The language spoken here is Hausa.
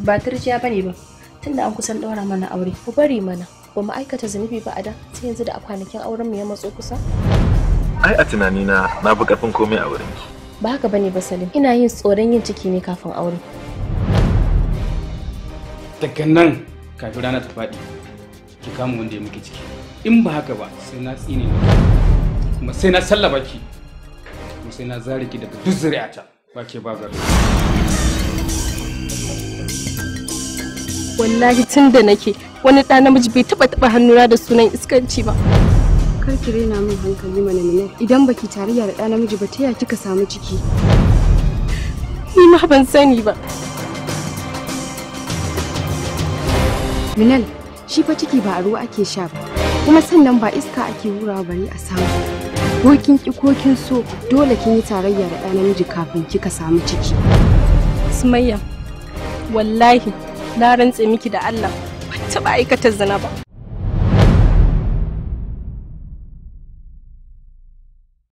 ba turjiya bane ba tunda an kusan ɗaura mana aure ku bari mana ba mu aikata zunubi ba a da sai yanzu da a kwanakin auren mu ya matso kusa ai a tunani na na fi karfin komai a wurin ki ba haka bane ba salim ina yin tsoron yin ciki ne kafin aure daga nan kafin rana ta faɗi ki kama wanda ya muke ciki in ba haka ba sai na tsine kuma sai na sallaba ki kuma sai na zare ki daga duk zuri'ata ba ke ba zare wallahi tun da nake wani ɗa namiji bai taba taɓa hannuna da sunan iskanci ba kar ki raina min hankali mana ne idan baki tarayya da ɗa namiji ba ta ya kika samu ciki ni ma ban sani ba Minal shi fa ciki ba a ruwa ake sha ba kuma sannan ba iska ake hurawa bari a samu ko kin ki ko kin so dole kin yi tarayya da ɗa namiji kafin kika samu ciki Sumayya wallahi na rantse miki da Allah ban taɓa aikata zina ba